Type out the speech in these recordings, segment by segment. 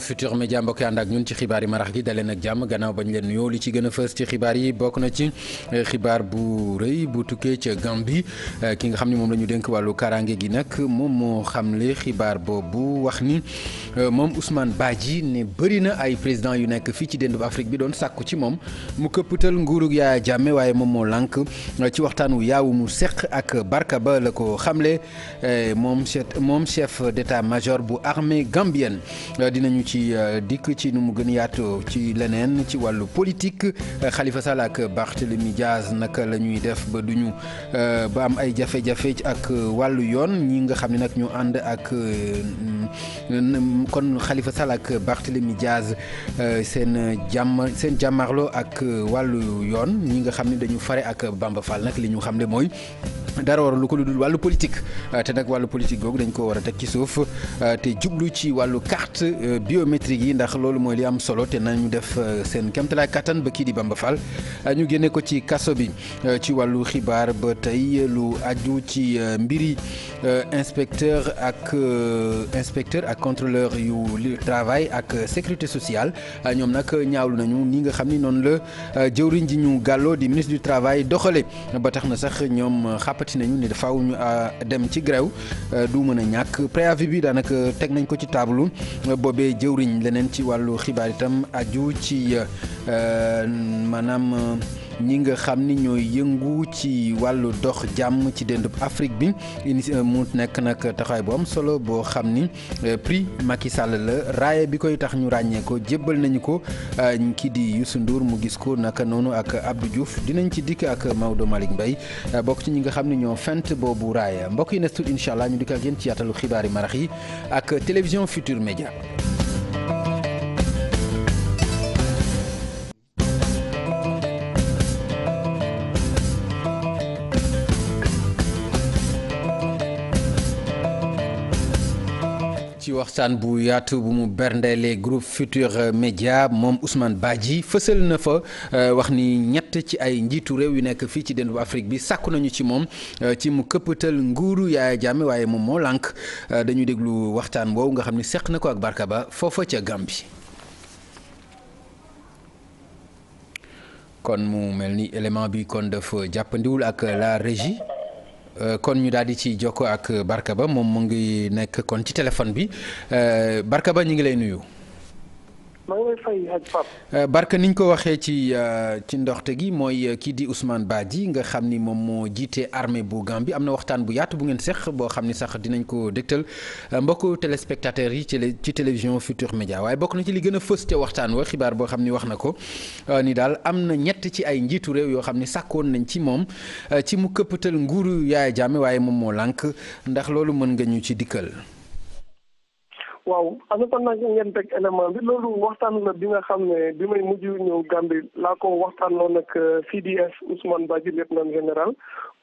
Futur Média mbokk ànd ak ñun ci xibaar yi marax gi daleen ak jàmm gannaaw bañ leen nuyoo li ci gën a fës ci xibaar yi bokk na ci eh, xibaar bu rëy bu tukkee ca Gambie eh, ki nga xam ne moom lañu ñu dénk wàllu kaaraange gi nag moom moo xamle xibaar boobu wax ni eh, moom Ousmane Badji ne bëri na ay président yu nekk fii ci dendub Afrique bi doon sàkku ci moom mu këppatal nguurug yaa jàmme waaye moom moo lànk ci waxtaan wu yaawu mu seq ak barka ba la ko xamle moom chef moom chef d'état-major bu armée gambienne ci euh, dikk ci nu mu gën yaatoo ci leneen ci wàllu politique xalifa euh, Sall ak Barthélemy Diaz naka la ñuy def ba du ñu euh, ba am ay jafe-jafe ak wàllu yoon ñi nga xam ni nag ñu ànd ak. kon Khalifa Sall ak Barthélémy Diaz euh, seen jàmm seen jàmmarloo ak euh, wàllu yoon ñi nga xam ne dañu fare ak Bamba Fall nag li ñu xam ne mooy dara war lu ko lu dul wàllu politique euh, te nag wàllu politique googu dañ ko war a teg ci suuf te jublu ci wàllu carte biométrique yi ndax loolu mooy li am solo te nañu def seen kéemtalaay kattan ba kii di Bamba ñu génne ko ci kaso bi ci wàllu xibaar ba tey lu aju ci mbiri inspecteur ak inspecteur inspecteur ak contrôleur yu travail ak sécurité sociale ñoom nag ñaawlu nañu ni nga xam ni noonu la euh, jëwriñ ji ñu gàlloo di ministre du travail doxale ba tax na sax ñoom xàppati nañu ni faaw ñu euh, dem ci grève euh, du mën a ñàkk préavis bi daanaka teg nañ ko ci tablu boobee jëwriñ leneen ci wàllu xibaar itam aju ci maanaam ñi nga xam ni ñooy yëngu ci wàllu dox jàmm ci dëndub Afrique bi euh, mu nekk nag taxawaay bu am solo boo xam ni euh, prix Macky Sall la raaya bi koy tax ñu ràññee ko jébbal nañu ko euh, kii di Youssou Ndour mu gis ko naka noonu ak Abdou Diouf dinañ ci dikk ak Maodo Malick Mbaye bokk ci ñi nga xam ne ñoo fent boobu raaya mbokk yi na incha allah ñu dikk ak yéen ci yaatalu xibaari marax yi ak télévision Futur Média. ci waxtaan bu yaatu bu mu berndelee groupe Futur Média moom Ousmane Badji fësal na fa euh, wax ni ñett ci ay njiitu réew yu nekk fii ci déndu Afrique bi sàkku nañu ci moom euh, ci mu këppatal nguuru Yaya Jammeh waaye moom moo lànk euh, dañu déglu waxtaan boobu nga xam ni seq na ko ak Barka Ba foofa ca Gambie. kon mu mel ni élément bi kon dafa jàppandiwul ak la régie. Euh, kon ñu daal di ci jokkoo ak Barka Ba moom mu ngi nekk kon ci téléphone bi euh, Barka Ba ñu ngi lay nuyu. maa ngi lay fay ak euh, Barka niñ ko waxee ci euh, ci ndoxte gi mooy euh, kii di Ousmane Badji nga xam ni moom moo jiite armée bu Gambie am na waxtaan bu yaatu bu ngeen seq boo xam ni sax dinañ ko dégtal mbokku téléspectateurs yi ci le ci télévision Futur Média waaye bokk na ci li gën a fës te waxtaan wa xibaar boo xam ni wax na ko ni daal am na ñett ci ay njiitu réew yoo xam ni sàkkoon nañ ci moom ci mu këppatal nguuru Yaaya Jammeh waaye moom moo lànk ndax loolu mën nga ñu ci dikkal. waaw en attendant ngeen teg élément bi loolu waxtaan la bi nga xam ne bi may mujj ñëw Gambie laa ko waxtaanoo nag CDS euh, Ousmane Badji lieutenant général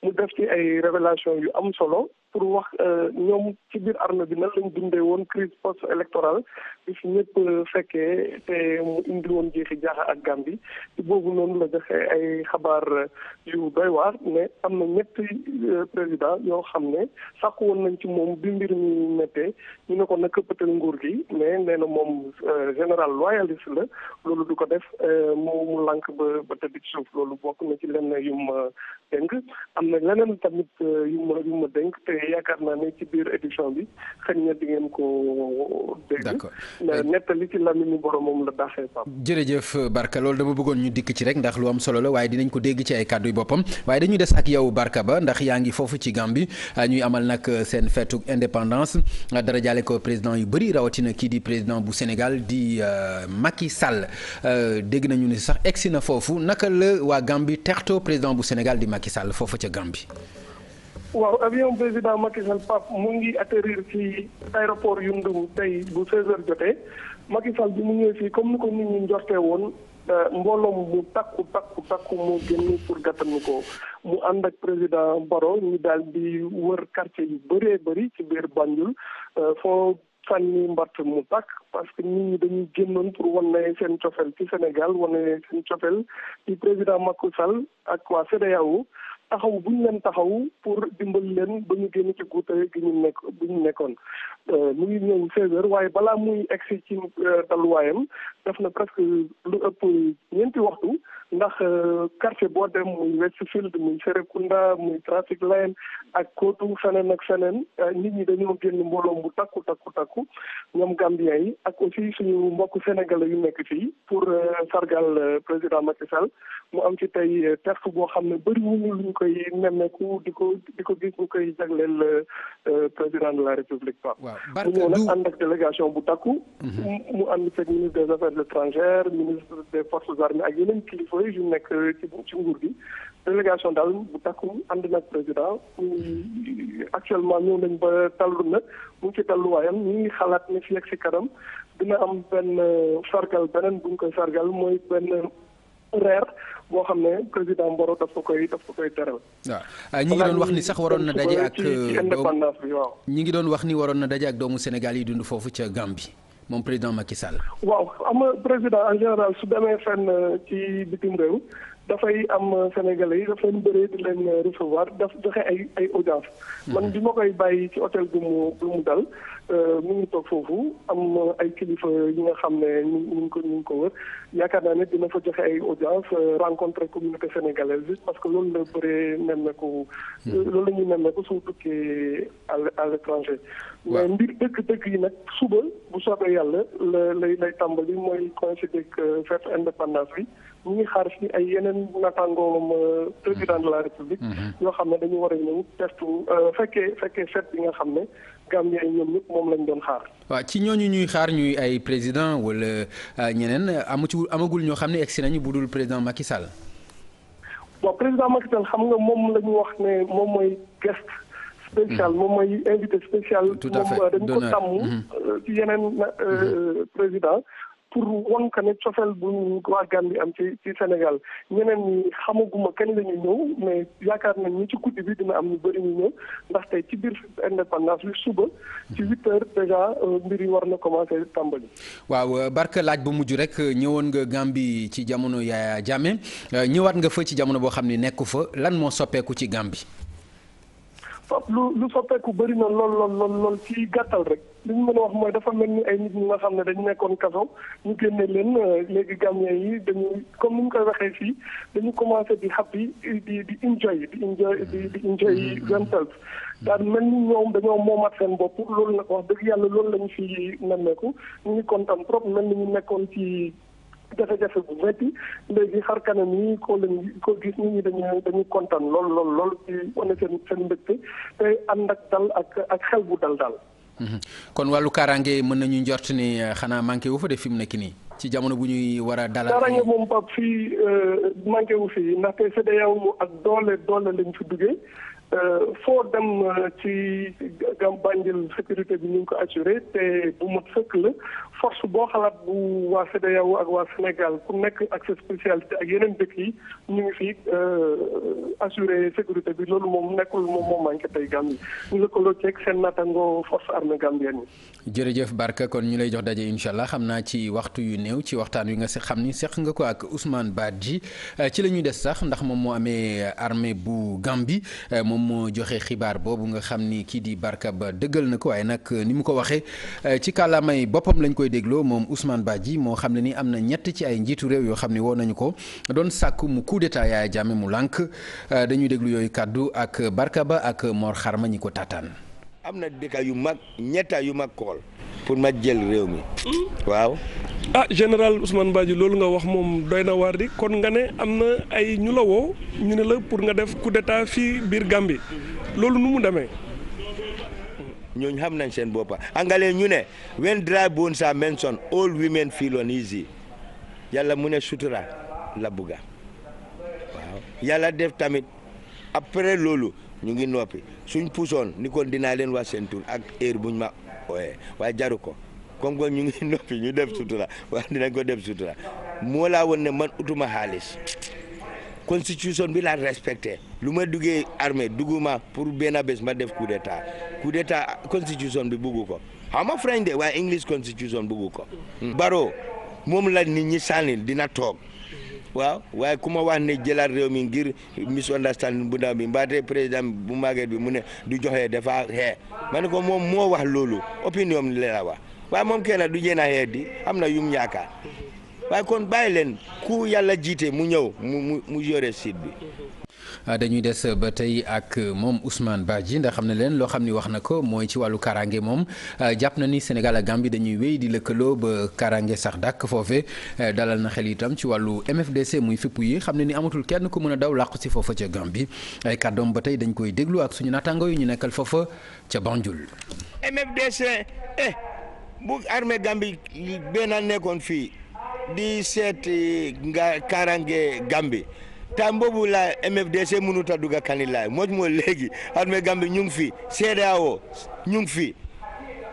mu def ci ay révélation yu am solo pour wax euh, ñoom ci biir armée bi nan lañ dundee woon crise post électorale di fi ñëpp fekkee te mu indi woon jeexi jaaxa ak Gambie ci boobu noonu la joxe ay xabaar yu doy waar ne am na ñett euh, président yoo xam ne sàkku woon nañ ci moom bi mbir mi méttee ñu ne ko na këppatal nguur gi mais nee na moom euh, général loyaliste la loolu du ko def moo mu lànk ba ba suuf loolu bokk na ci lenn yum dénk am na leneen tamit euh, yu ma yu te yaakaar naa ne ci biir édition bi xëy na di ngeen ko dégg. d'accord mais euh, nettali ci lamiñu boromam la daxee Pape. jërëjëf Barka loolu dama bëggoon ñu dikk ci rek ndax lu am solo la waaye dinañ ko dégg ci ay kàddu yu boppam waaye dañuy des ak yow Barka ba ndax yaa ngi foofu ci Gambie euh, ñuy amal nag seen feetug indépendance dara ko président yu bëri rawatina kii di président bu Sénégal di Macky Sall dégg nañu ni sax egsi na foofu naka la waa Gambie terto président bu Sénégal di Macky Sall foofu waaw avion président Macky Sall Pape mu ngi atterrir ci aéroport Yundum tey bu 16h jotee Macky bi mu ñëwee fii comme ni ko nit ñi njortee woon euh, mbooloom mu takku takku takku moo génn pour gàttanu ko mu ànd ak président Baro ñu daal di wër quartier yu bëree bëri ci biir Banjul euh, foo sànni mbart mu takk parce que nit ñi dañuy génnoon pour wane seen cofel ci Sénégal wane seen cofel ci président Macky Sall ak waa CEDEAO taxaw bu ñu leen taxaw pour dimbali leen ba ñu génn ci guute gi ñu nekk bu ñu nekkoon euh, mu ngi ñëw seize heures waaye balaa muy egsi ci dalluwaayam euh, def na presque lu ëpp ñeenti waxtu ndax euh, quartier boo dem muy Westfield muy Serekunda muy Traffic Line ak Kootu feneen ak feneen nit ñi dañoo génn mbooloom bu takku takku takku ñoom Gambien yi ak aussi suñu mbokk sénégalais yu nekk fii pour sargal président Macky Sall mu am ci tey test boo xam ne bëriwuñu luñ koy nemmeeku di ko di ko gis ñu koy jagleel euh, président de la république Pape. waaw Barth mu ñëw nag ànd ak délégation bu takku. Mhm. mu ànd fekk ministre des affaires étrangères ministre des forces armées ak yeneen kilifa yu nekk ci nguur gi. délégation daal bu takku ànd nag président actuellement ñëw nañ ba tallu na mu ngi ci talluwaayam ñu ngi xalaat ne fi ak si kanam dina am benn euh, sargal beneen bu ñu koy sargal mooy benn reer. boo xam ne président Mboro daf ko koy daf ko koy teral. waaw ah, ñi ngi doon wax ni sax waroon na daje ak. Euh, indépendance bi waaw. ñi ngi doon wax ni waroon na daje ak doomu Sénégal yi dund foofu ca Gambie moom président Macky Sall. waaw am président en général su demee fenn euh, ci bitim réew dafay am euh, sénégalais yi daf leen bëree di leen recevoir daf joxe ay ay audience. Mhm. man bi ma koy bàyyi ci hôtel bu mu bu mu dal. Euh, mu ngi toog foofu am ay kilifa yi nga xam ne ñu ngi ko ñu ngi ko wër yaakaar naa ne dina fa joxe ay audience euh, rencontre communauté sénégalaise bi parce que loolu la bëree nemmeeku. Hmm. Euh, loolu la ñuy nemmeeku su tukkee à l'étranger. mais mbir dëkk dëkk yi nag suba bu soobee yàlla la lay lay tàmbali mooy coïncider ak fet indépendance bi mu ngi xaar si ay yeneen naataangoom président de la république. Hmm. Hmm. yoo xam ne dañu war a ñëw testu fekkee fekkee set bi nga xam ne. Gambia yi ñoom ñëpp moom lañ doon xaar. waaw ci ñooñu ñuy xaar ñuy ay président wala euh, ñeneen amu ci amagul ñoo xam ne si nañu bu dul président Macky Sall. waaw président Macky xam nga moom la ñu wax ne moom mooy guest spécial hmm. moom mooy invité spécial. tout à fait moom euh, ko tàmm hmm. euh, ci yeneen hmm. président. pour wan ko ne cofeel bu waa Gambie am ci ci Sénégal ñeneen ñi xamaguma kañ lañuy ñëw mais yaakaar nañ ñi ci guddi bi dina am ñu bëri ñu ñëw ndaxte ci biir indépendance bi suba ci huit heures euh, mbir yi war na commencé tàmbali. waaw euh, barka laaj bu mujj rek euh, ñëwoon nga Gambie ci jamono Yaya Jammeh ñëwaat nga fa ci jamono boo xam ne nekku fa lan moo soppeeku ci Gambie. fop lu lu soppeeku bëri na lool lool lool lool ci gàttal rek li ñu mën a wax mooy dafa mel ni ay nit ñi nga xam ne dañu nekkoon kaso ñu génne leen euh, léegi Gambien yi dañuy comme ni ñu koy waxee fii dañu commencé di happy di di enjoy di enjoy di di enjoy mm-hmm. themselves mm-hmm. daal mel ni ñoom dañoo moomaat seen bopp loolu nag wax dëgg yàlla loolu lañu fi nemmeeku ñu ngi kontaan trop mel ni ñu nekkoon ci. jafe-jafe bu métti léegi xar kanam yi ko lañ ko gis nit ñi dañu dañu kontaan lool lool lool ci wane seen seen mbégte tey ànd ak dal ak ak xel bu dal daal. Mhm. kon wàllu kaaraange mën nañu njort ni euh, xanaa manqué wu fa de fi mu nekk nii. ci jamono bu ñuy war a dalal. kaaraange moom Pape fii euh, manqué wu fi ndaxte CEDEAO ak doole doole lañ fi duggee. Euh, foo dem ci gam Banjul sécurité bi ñu ko assuré te bu mot sëkk la force boo xalaat bu waa CEDEAO ak waa Sénégal ku nekk ak spécialité ak yeneen dëkk yi ñu ngi fi euh, assurer sécurité bi loolu moom nekkul moom moo manqué tey Gambie ñu lëkkaloo ceeg seen jërëjëf Barka kon ñu lay jox daje incha allah xam naa ci waxtu néew ci waxtaan wi nga si xam ni seq nga ko ak usmaan baat ji euh, ci la ñuy des sax ndax moom moo amee armée bu Gambie euh, moom moo joxe xibaar boobu nga xam ni kii di Barka ba dëggal na ko waaye nag ni mu ko waxee ci kàllaamay boppam lañ koy koy dégloo moom Ousmane Badji moo xam ne ni am na ñett ci ay njiitu réew yoo xam ne woo nañu ko doon sàkk mu coup d'état Yaya mu lànk euh, dañuy déglu yooyu kàddu ak ba ak Mor Xarma ñi ko taataan. am na dëkk yu mag ñetta yu mag kool pour ma jël réew mi. waaw. ah général Ousmane Badji loolu nga wax moom doy na waar di kon nga ne am na ay ñu la woo ñu ne la pour nga def coup d'état fii biir Gambie loolu nu mu demee. ñooñu xam nañ seen boppa angale ñu ne when dry bones are mentioned all women feel uneasy yàlla mu ne sutura la buga waaw yàlla def tamit après loolu ñu ngi noppi suñ puusoon ni kon dinaa leen wax seen tur ak heure buñ ma ooyee waaye jaru ko comme ñu ngi noppi ñu def sutura waaye dinañ ko def sutura moo laa woon ne man utuma xaalis constitution bi laa respecté lu ma duggee armée dugguma pour benn bés ma def coup d'état coup d'état constitution bi buggu ko xaw ma French de waaye English constitution buggu ko. Hmm. Baro moom la nit ñi sànni dina toog. waaw waaye ku ma wax ne jëlaat réew mi ngir misunderstanding bu ndaw bi mbaate président bu màgget bi mu ne du joxe dafa xee ma ne ko moom moo wax loolu opinion bi la wax waaye moom kenn du jéem a di am na yum ñaakaar hmm. waaye kon bàyyi leen ku yàlla jiite mu ñëw mu mu mu yore site bi. Ah, dañuy des ba tey ak moom Ousmane Badji ndax xam ne leen loo xam ne wax na ko mooy ci wàllu kaaraange moom ah, jàpp na ni Sénégal ak Gambie dañuy wéy di lëkkaloo ba karange sax dàkk foofe ah, dalal na xel itam ci wàllu MFDC muy fippu yi xam ne ni amatul kenn ku mën a daw làqu si foofa ca Gambie ay kàddoom ba tey dañ koy déglu ak suñu naataango yu ñu nekkal foofa ca Banjul. MFDC eh bu armée Gambie benn nekkoon fii. di seeti nga karange Gambi time boobu la MFDC mënut a dugg Kanilai moom mooy léegi armée Gambi ñu ngi fi ñu fi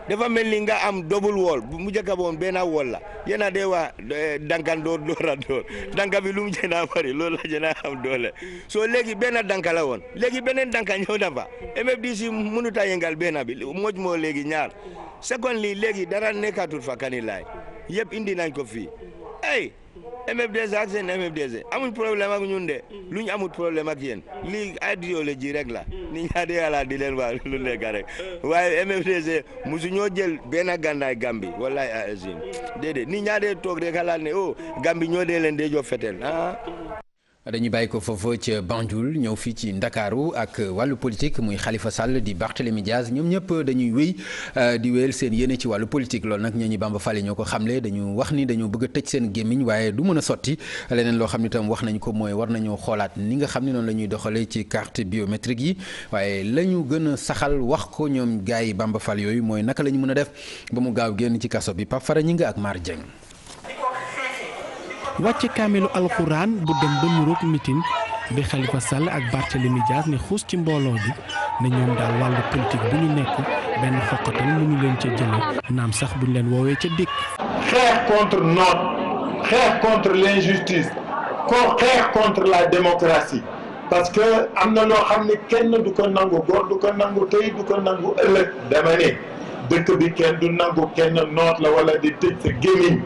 dafa mel ni nga am double wall bu mu njëkk a woon benn wall la yéen a dee eh, dankan door door a door danka bi lu mu jënd a bari loolu la am doole soo léegi benn danka la woon léegi beneen danka ñëw na fa MFDC mënut a yëngal benn bi mooj moo léegi ñaar secondly léegi dara nekkatul fa Kanilai yëpp indi nañ ko fii. hey MFDC ak seen MFDC amuñ problème ak ñun de mm. lu ñu amut problème ak yéen lii idéologie rek la mm. ni ñaa di xalaat di leen wax lu nekk rek waaye MFDC musu ñoo jël benn gànnaay Gambie wallahi ah, azim déedéet ni ñaa dee toog rek xalaat ne oh Gambie ñoo dee leen dee jox fetel ah dañuy bàyyi ko foofa ca Banjul ñëw fii ci Ndakaaru ak wàllu politique muy xalifa sàll di Barthélémy Diaz ñoom ñëpp dañuy wéy euh, di wéyal seen yéene ci wàllu politique lool nag ñoo ñi Bamba Fale ñoo ko xamle dañu wax ni dañoo bëgg a tëj seen gémmiñ waaye du mën a sotti leneen loo xam ne tam wax nañ ko mooy war nañoo xoolaat ni nga xam ne noonu lañuy ñuy doxalee ci carte biométrique yi waaye la ñu gën a saxal wax ko ñoom gars yi Bamba Fale yooyu mooy naka la ñu mën a def ba mu gaaw génn ci kaso bi Pape Fara ñi nga ak Mar Dieng wàcce kaamilu alxuraan bu dem ba nuroog mitin bi Khalifa Sall ak Barthélemy Dias ne xuus ci mbooloo bi ne ñoom daal wàllu politique bu ñu nekk benn xoqatal mënu leen ca jële naam sax bu ñu leen woowee ca dëkk xeex contre noot xeex contre l'injustice ko xeex contre la démocratie parce que am na loo xam ne kenn du ko nangu góor du ko nangu tey du ko nangu ëllëg dama dëkk bi kenn du nangu kenn noot la wala di tëj sa gémmiñ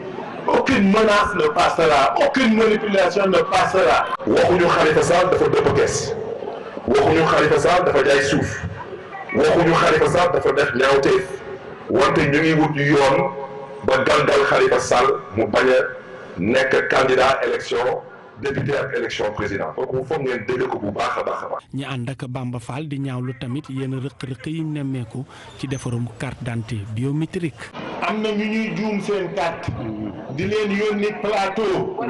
aucune menace ne passera aucune manipulation ne passera waxuñu Khalifa Sall dafa dëpp kees waxuñu Khalifa Sall dafa jaay suuf waxuñu Khalifa Sall dafa def ñaawteef wante ñu ngi wut yoon ba gàndal Khalifa Sall mu bañ a nekk candidat élection député ak élection président kooku ngeen dégg ko bu baax a baax a baax. ñi ànd ak Bamba Fall di ñaawlu tamit yenn rëq-rëq yi nemmeeku ci defarum carte d'identité biométrique. am na ñu ñuy juum seen carte. di leen yónni plateau.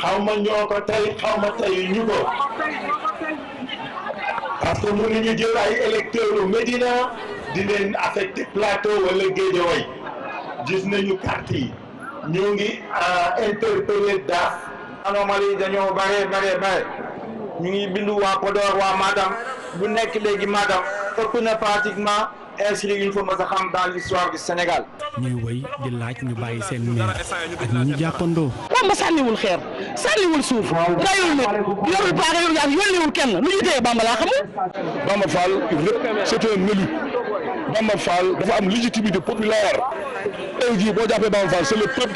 xaw ma ñoo ko tey xaw ma tey ñu ko. parce que mënuñu jël ay électeurs Médina di leen affecté plateau wala Guédiawaye gis nañu carte yi ñoo ngi interpellé daas. anomalie dañoo bare bare bare ñu ngi bindu waa Podor waa Matam bu nekk léegi Matam ëpp na pratiquement inscrits yi ñu fa mës a xam dans l'histoire du Sénégal. ñuy wëy di laaj ñu bàyyi seen maire ak ñi jàppandoo. Bamba sànniwul xeer sànniwul suuf rayul nit yorul paaka yorul yàlla yónniwul kenn lu ñu téye Bamba laa xamul. Bamba Fall c'est un élu Bamba Fall dafa am légitimité populaire. tey jii boo jàppee Bamba Fall c'est le peuple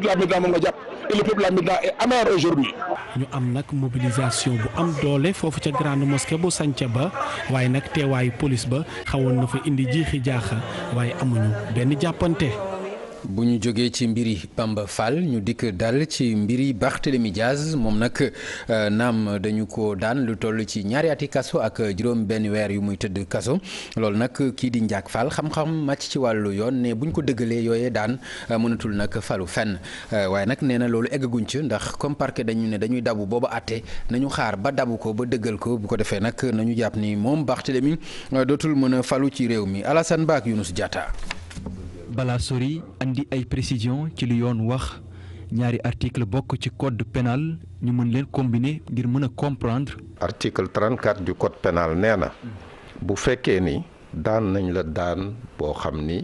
de la Médina nga jàpp et le peuple de la Médina est aujourd'hui ñu am nag mobilisation bu am doole foofu ca grand mosquée bu sanca ba waaye nag teewaayu police ba xawoon na fa indi jiixi jaaxa waaye amuñu benn jàppante bu ñu jógee ci mbiri Bamba fal ñu dikk dal ci mbiri Barthélémy Diaz moom nag euh, naam dañu ko daan lu toll ci ñaari ati kaso ak juróom benn weer yu muy tëdd kaso loolu nag kii di Ndiak fal xam-xam màcc ci wàllu yoon ne bu ñu ko dëggalee yooyee daan euh, mënatul nag falu fenn euh, waaye nag nee na loolu eggaguñ ci ndax comme parquet dañu ne dañuy dabu booba àtte nañu xaar ba dabu ko ba dëggal ko bu ko defee nag nañu jàpp ni moom Barthélémy dootul mën a falu ci réew mi Alassane Ba ak Younouss Diatta balaa sori andi ay précision ci li yoon wax ñaari article bokk ci code pénal ñu mën leen combiner ngir mën a comprendre. article 34 du code pénal nee na bu fekkee ni daan nañ la daan boo xam ni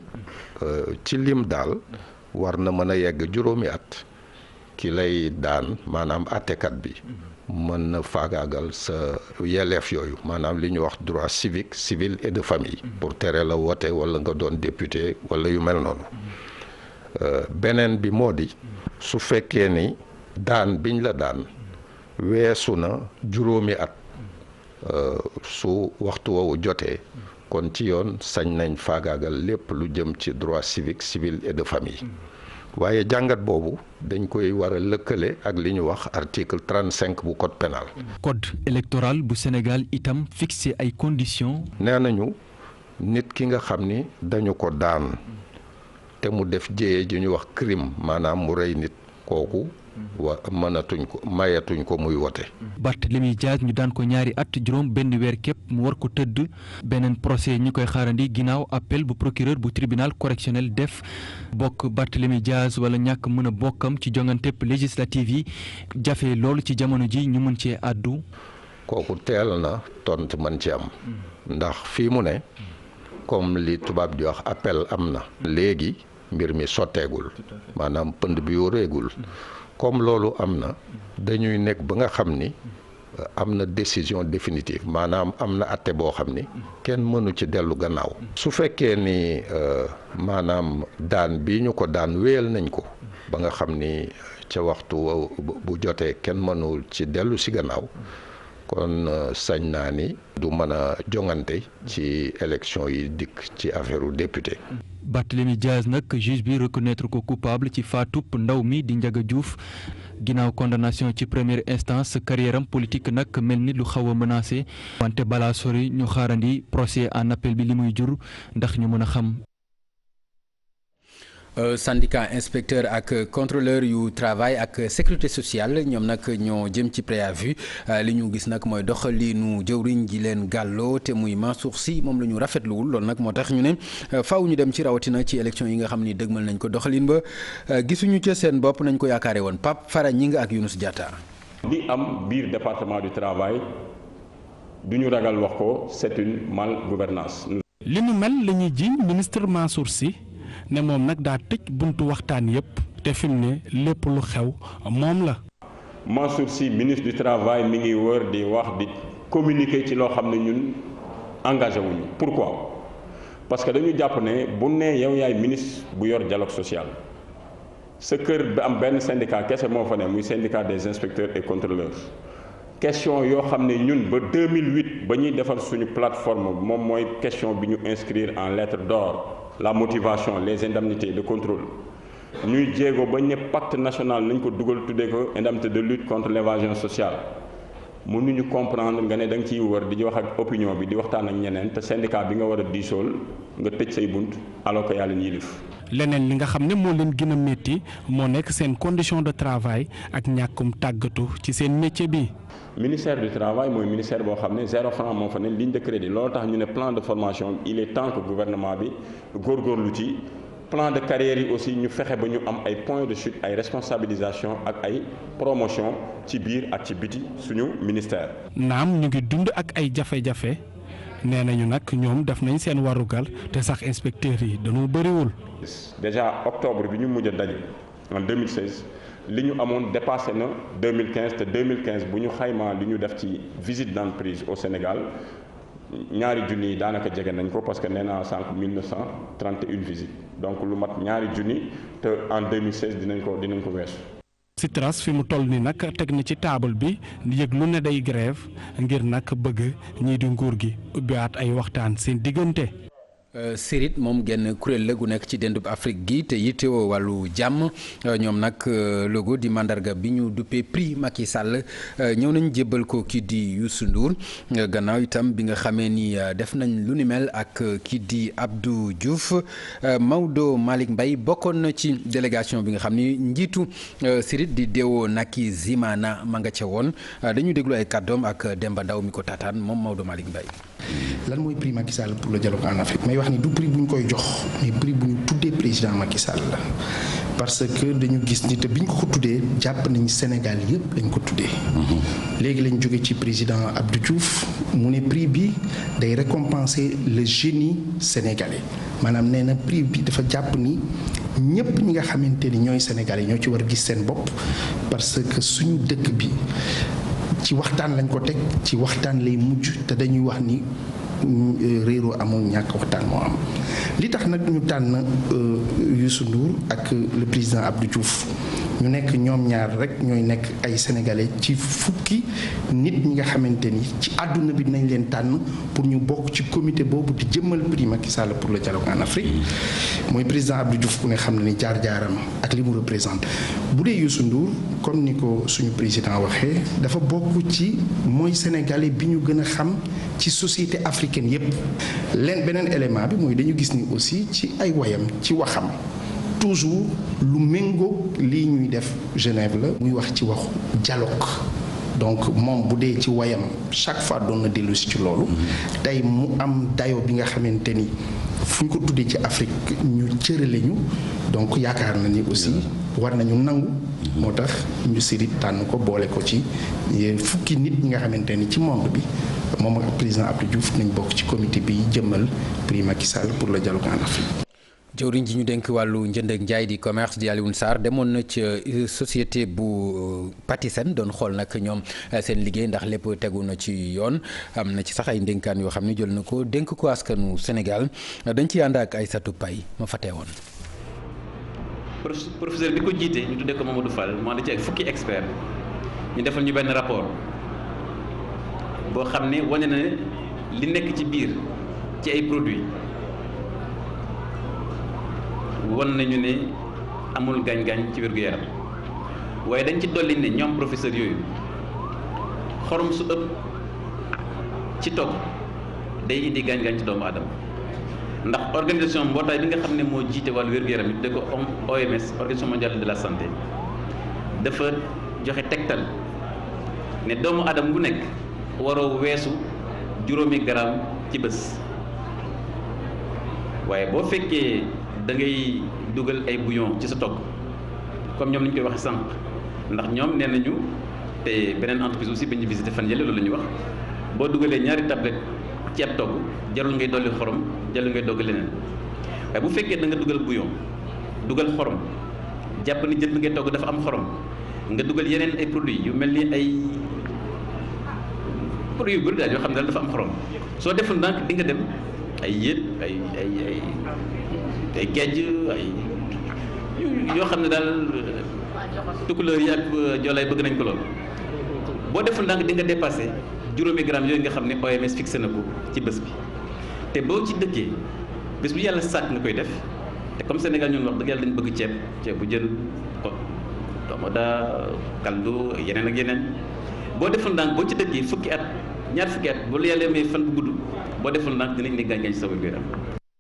euh, ci lim daal war na mën a yegg juróomi at ki lay daan maanaam àttekat bi. mën na faagaagal sa yelleef yooyu maanaam li ñu wax droit civique civil et de famille mm-hmm. pour tere la woote wala nga doon député wala yu mel noonu euh, beneen bi moo di mm-hmm. su fekkee ni daan biñ la daan mm-hmm. weesu na juróomi at euh, su waxtu woowu jotee kon ci yoon sañ nañ faagaagal lépp lu jëm ci droit civique civil et de famille waaye jàngat boobu dañ koy war a lëkkale ak li ñu wax article trente cinq bu code pénal code électoral bu Sénégal itam fixé ay conditions. nee nañu nit ki nga xam ni dañu ko daan te mu def jéye ji ñu wax crime maanaam mu rey nit. kooku wa mënatuñ ko mayatuñ ko muy wote Barthélémy Dias ñu daan ko ñaari at juróom benn weer képp mu war ko tëdd beneen procès ñi koy xaarandi ginnaaw appel bu procureur bu tribunal correctionnel def bokk Barthélémy jaas wala ñàkk mën a bokkam ci jonganteb législative yi jafe loolu ci jamono ji ñu mën cee àddu kooku teel na tont mën ci am mm. ndax fii mu ne comme li tubaab di wax appel am na léegi mbir mi sotteegul maanaam pënd bi wóoreegul comme loolu am na dañuy nekk ba nga xam ni euh, am na décision définitive maanaam am na atte boo xam ni kenn mënu ci dellu gannaaw su fekkee ni euh, maanaam daan bi ñu ko daan wéyal nañ ko ba nga xam ni ca waxtu bu jotee kenn mënul ci dellu si gannaaw kon euh, sañ naa ni du mën a jongante ci élection yi dikk ci affaire député Barthélemy Diaz nag juge bi reconnaître ko coupable ci faatub ndaw mi di Ndiaga juuf ginnaaw condamnation ci première instance carrière politique nag mel ni lu xaw a menacé wante balaa sori ñu xaarandi procès en appel bi li muy jur ndax ñu mën a xam Euh, syndicat inspecteur ak contrôleur yu travail ak sécurité sociale ñoom nag ñoo jëm ci préavis euh, li ñu gis nag mooy doxaliinu jëwriñ ji leen gàlloo te muy Mansour si moom la ñu rafetluwul loolu nag moo tax ñu ne euh, faaw ñu dem ci rawatina ci élection yi nga xam ni dëgmal nañ ko doxalin ba gisuñu ca seen bopp nañ ko yaakaare woon Pape Fara Ñing ak Younous Diatta li am biir département du travail du ñu ragal wax ko c'est une mal gouvernance li nu mel la ñuy ne moom nag daa tëj buntu waxtaan yépp te fi mu ne lépp lu xew moom la. Mansour Sy ministre du travail mi ngi wër di wax di communiquer ci loo xam ne ñun engagé wuñu pourquoi parce que dañu jàpp ne bu ne yow yaay ministre bu yor dialogue social sa kër bi am benn syndicat kese moo fa ne muy syndicat des inspecteurs et contrôleurs question yoo xam ne ñun ba 2008 ba ñuy defar suñu plateforme moom mooy question bi ñu inscrire en lettre d'or la motivation les indemnités le contrôle ñuy jéego ba ñëpp pacte national nañ ko dugal tuddee ko indemnité de lutte contre l' évasion sociale mënuñu comprendre nga ne da nga ciy wër di wax ak opinion bi di waxtaan ak ñeneen te syndicat bi nga war a diisool nga tëj say bunt alors que yaa leen yilif leneen li nga xam ne moo leen gën a métti moo nekk seen condition de travail ak ñàkkum tàggatu ci seen métier bi. ministère du travail mooy ministère boo xam ne zéro franc moo fa ne ligne de crédit loolu tax ñu ne plan de formation il est tanque que gouvernement bi góorgóorlu ci plan de carrière yi aussi ñu fexe ba ñu am ay points de chute ay responsabilisation ak ay promotion ci biir ak ci biti suñu ministère. naam ñu ngi dund ak ay jafe-jafe. nee nañu nag ñoom def nañ seen warugal te sax inspecteurs yi dañoo bëriwul. déjà octobre bi ñu mujj a daje en 2016 li ñu amoon dépassé na 2015 te 2015 bu ñu xaymaa li ñu def ci visite d'entreprise au Sénégal ñaari junni yi daanaka jege nañ ko parce que nee na sànq 1931 visites donc lu mat ñaari junni te en 2016 dinañ ko dinañ ko weesu. SYTRAS fi mu toll nii nag teg na ci taabal bi yëg lu ne day grève ngir nag bëgg ñii di nguur gi ubbiwaat ay waxtaan seen diggante. Euh, Sirit moom genn kuréel la gu nekk ci dendub Afrique gi te yittewoo wàllu jàmm euh, ñoom nag euh, logo di mandarga bi ñu duppee prix Macky Sall ñëw nañ jëbbal ko kii di Youssou Ndour gannaaw itam bi nga xamee ni def nañ lu ni mel ak kii di Abdou Diouf Maodo Malick Mbaye bokkoon na ci délégation bi nga xam ni njiitu Sirit di Deo Naki Zimana ma nga ca woon dañu déglu ay kàddoom ak Demba Ndaw mi ko taataan moom Maodo Malick Mbaye. wax ni prix bu ñu koy jox mais prix bu ñu tuddee président Macky Sall la parce que dañu gis ni te bi ñu ko tuddee jàpp nañu Sénégal yëpp lañ ko tuddee. Mm-hmm. léegi lañ jóge ci président Abdou Diouf mu ne prix bi day récompenser le génie sénégalais maanaam nee na prix bi dafa jàpp ni ñëpp ñi nga xamante ni ñooy sénégalais ñoo ci war a gis seen bopp parce que suñu dëkk bi ci waxtaan lañ ko teg ci waxtaan lay mujj te dañuy wax ni. réeroo amul ñàkk waxtaan moo am li tax nag ñu tànn euh, Youssou Ndour ak le président Abdou Diouf ñu nekk ñoom ñaar rek ñooy nekk ay sénégalais ci fukki nit ñi nga xamante ni ci àdduna bi dinañ leen tànn pour ñu bokk ci comité boobu di jëmmal prix Macky Sall pour le dialogue en Afrique mooy président Abdou du ku ne xam ne ni jaar-jaaram ak li mu représente bu dee Youssou Ndour comme ni ko suñu président waxee dafa bokk ci mooy sénégalais bi ñu gën a xam ci société africaine yépp leen beneen élément bi mooy dañu gis ni aussi ci ay woyam ci waxam toujours lu méngoog lii ñuy def Genève la muy wax ci waxu dialogue donc moom bu dee ci wayam chaque fois doon na dellu si ci loolu tey mu am dayo bi nga xamante ni fu ñu ko tuddee ci Afrique ñu cërale ñu donc yaakaar na ni aussi war nañu nangu moo tax ñu sirit tànn ko boole ko ci fukki nit ñi nga xamante ni ci monde bi moom ak président Abdou Diouf nañ bokk ci comité bi jëmmal prix Macky Sall pour le dialogue en Afrique jëwriñ ji ñu dénk wàllu njënd ak njaay di commerce di Alioune Sarr demoon na ca euh, société bu euh, Patisen doon xool nag ñoom euh, seen liggéey ndax lépp tegu na ci yoon am na ci sax ay ndénkaan yoo xam ne jol na ko dénk ko askanu Sénégal dañ ci ànd ak Aïssatou Paye ma fa teewoon. professeur bi ko jiite ñu tuddee ko Mamadou Fall moo da ci ak fukki expert ñu defal ñu benn rapport boo xam ne wane na li nekk ci biir ci ay produits. won nañu ne amul gañ-gañ ci wér-gu-yaram waaye dañ ci dolli ne ñoom professeur yooyu xorom su ëpp ci toog day indi gañ-gañ ci doomu aadama ndax organisation mbootaay bi nga xam ne moo jiite wàllu wér-gu-yaram it da ko OMS organisation mondiale de la santé dafa joxe tegtal ne doomu aadama bu nekk waroo weesu juróomi garaam ci bés waaye boo fekkee da ngay dugal ay bouillon ci sa togg comme ñoom ni koy waxee sànq ndax ñoom nee nañu te beneen entreprise aussi ba ñu visité fan yële loolu la ñuy wax boo dugalee ñaari tablette ceeb togg jarul ngay dolli xorom jarul ngay dogg leneen waaye bu fekkee da nga dugal bouillon dugal xorom jàpp jën bi ngay togg dafa am xorom nga dugal yeneen ay produits yu mel ni ay produits yu bëri daal yoo xam ne dafa am xorom soo defoon ndànk di nga dem ay yéet ay ay ay ay gejj ay yoo xam ne daal tukkuleur yi ak euh, jolaay bëgg nañ ko lool boo deful ndànk di nga dépassé juróomi gramme yooyu nga xam ne OMS na ko ci bés bi te boo ci dëkkee bés bu yàlla sàkk nga koy def te comme Sénégal ñun wax dëgg dañu bëgg ceeb ceeb bu jën ko domoda kaldu yeneen ak yeneen boo deful ndànk boo ci dëkkee fukki at ñaar fukki at bu yàlla may fan bu gudd boo deful ndànk dinañ ne gaañ-gaañ sa wér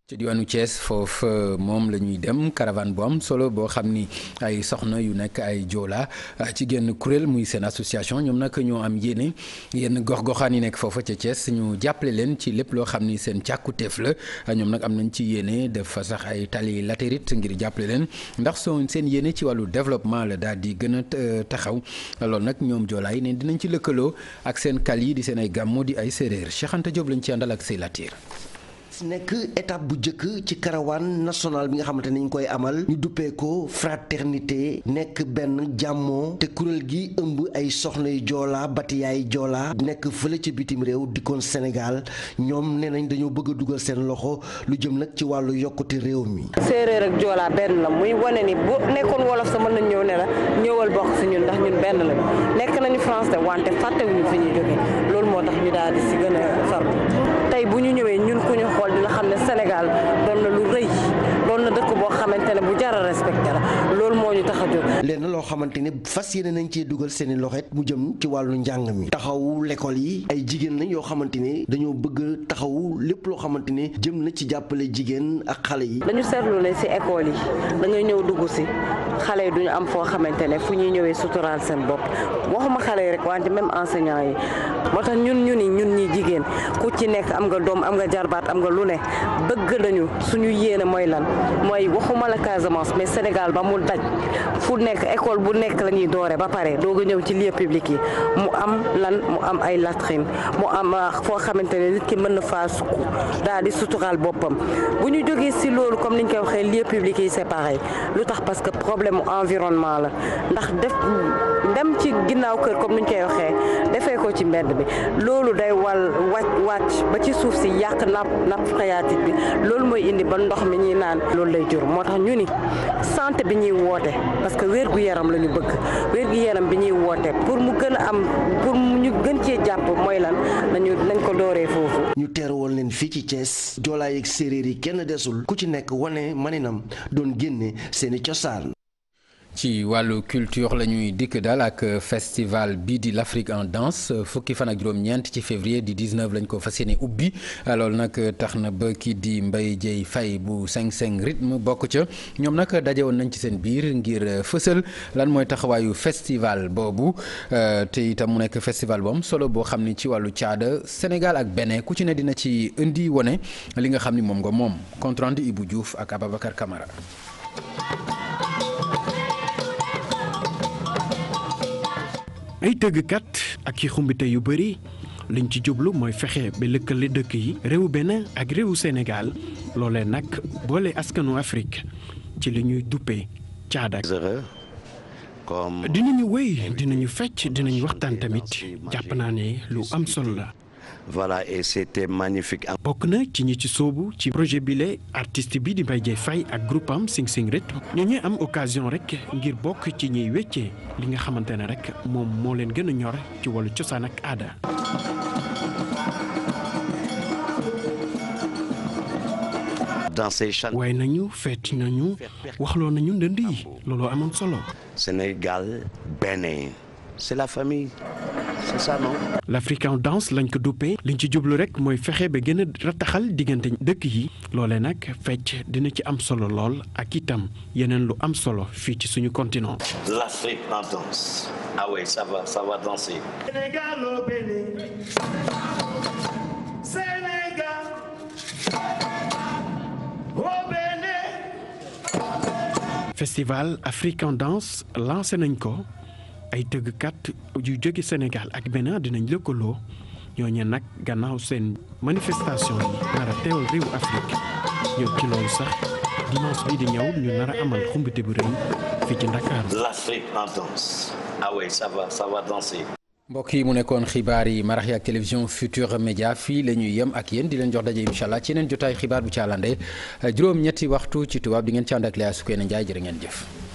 ci diwaanu Thiès foofu euh, moom la ñuy dem caravane bu am solo boo xam ni ay soxna yu nekk ay joola euh, ci genn kuréel muy seen association ñoom nag ñoo am yéene yenn gox-goxaan yi nekk foofa ca Thiès ñu jàppale leen ci lépp loo xam ni seen càkkutéef la ñoom nag am nañ ci yéene def sax ay tali latérite ngir jàppale leen ndax soo seen yéene ci wàllu développement la daal di gën a euh, taxaw loolu nag ñoom joolaa yi ne dinañ ci lëkkaloo ak seen kal yi di seen ay gàmmu di ay séeréer Cheikh Anta Diop ci àndal ak say nekk étape bu njëkk ci karawaan national bi nga xamante ne ñu koy amal ñu duppee ko fraternité nekk benn jàmmoo te kuréel gi ëmb ay soxnay yu batiyaay joolaa nekk fële ci bitim réew dikkoon Sénégal ñoom ne nañ dañoo bëgg a dugal seen loxo lu jëm nag ci wàllu yokkute réew mi. séeréer ak joolaa benn la muy wane ni bu nekkoon wolof sa mën nañ ñëw ne la ñëwal bokk si ñun ndax ñun benn lañu nekk nañu français wante fàttewuñu fi ñuy jógee loolu moo tax ñu daal Sénégal boo xamante ne bu jar a respecté la loolu moo ñu tax a jóg. lenn loo xamante ne fas yéene nañ cee dugal seeni i loxet mu jëm ci wàllu njàng mi taxawu l'école yi ay jigéen lañ yoo xamante ne dañoo bëgg taxawu lépp loo xamante ne jëm na ci jàppale jigéen ak xale yi. dañu seetlu ne si école yi da ngay ñëw dugg si xale yi ñu am foo xamante ne fu ñuy ñëwee suturaal seen bopp waxuma xale yi rek wante même enseignant yi moo tax ñun ñu ni ñun ñi jigéen ku ci nekk am nga doom am nga jarbaat am nga lu ne bëgg nañu suñu yéene mooy lan mooy waxuma la Casamance mais Sénégal ba mu daj fu nekk école bu nekk la ñuy doore ba pare doog a ñëw ci lieu public yi mu am lan mu am ay latrine mu am ah, foo xamante ne nit ki mën na faa sukk daal di suturaal boppam bu ñu jógee si loolu comme niñ koy waxee lieu public yi c'est pareil lu tax parce que problème mu environnement la ndax def dem ci ginnaaw kër comme nuñ koy waxee defee ko ci mbedd bi loolu day wal wàcc wàcc ba ci suuf si yàq napp napp phréatique bi loolu mooy indi ba ndox mi ñuy naan loolu lay jur moo tax ñu ni santé bi ñuy woote parce que wér gu yaram la ñu bëgg wér gu yaram bi ñuy woote pour mu gën a am pour ñu gën cee jàpp mooy lan nañu nañ ko dooree foofu. ñu teeru woon leen fii ci cees joolaa yeeg séeréer yi kenn desul ku ci nekk wane maninam doon génne seeni cosaan. ci wàllu culture la ñuy dikk daal ak festival bii di l'Afrique en danse fukki fan ak juróom-ñeent ci février di 19 lañ ko fas yéene ubbi loolu nag tax na ba kii di mbay Dieye fay bu 55 rythme bokk ca ñoom nag daje woon nañ ci seen biir ngir fësal lan mooy taxawaayu festival boobu euh, te itam mu nekk festival boom solo boo xam ni ci wàllu caada Sénégal ak Bénin ku ci ne dina ci indi wone li nga xam ni moom nga moom compte rendu juuf ak Ababacar Camara. ay tëggkat ak yi xumbite yu bëri liñ ci jublu mooy fexe ba lëkkale dëkk yi réewu Bénin ak réewu Sénégal loolee nag boole askanu afrig ci li ñuy duppee caadak dinañu wéy dinañu fecc dinañu waxtaan tamit jàpp naa ne lu am sol la voilà et c'était magnifique. bokk na ci ñi ci soobu ci projet bile artiste bi di Mbaye Dieye Faye ak groupe am Sing Sing am occasion rek ngir bokk ci ñuy weccee li nga xamante ne rek moom moo leen gën a ñor ci wàllu cosaan ak aada. waaye nañu feet nañu waxloo nañu ndënd yi looloo amoon solo. Sénégal Bénin. c'est la famille c'est ça non. l'African Dance lañ ko duppee liñ ci jublu rek mooy fexe ba gën a diggante dëkk yi. loole nag fecc dina ci am solo lool ak itam yeneen lu am solo fii ci suñu continent. l'Afrique en danse ah oh oh festival African Dance lancé nañ ko. ay tëggkat yu jóge Sénégal ak Bénin dinañ lëkkaloo ñoo ñooñu nag gannaaw seen manifestation yi nar a teewal réewu Afrique ñoom ci loolu sax dimanche bii di ñëw ñu nar a amal xumbite bu rëy fii ci Ndakaaru. L'Afrique en danse. Ah oui, ça va, ça va danser. yi mu nekkoon xibaar yi marax yi ak télévision Futur Média fii la ñuy yem ak yéen di leen jox daje incha allah ci yeneen jotaay xibaar bu caalande juróom-ñetti waxtu ci tubaab di ngeen ci ànd ak Leya Sukena Ndiaye jërë ngeen jëf.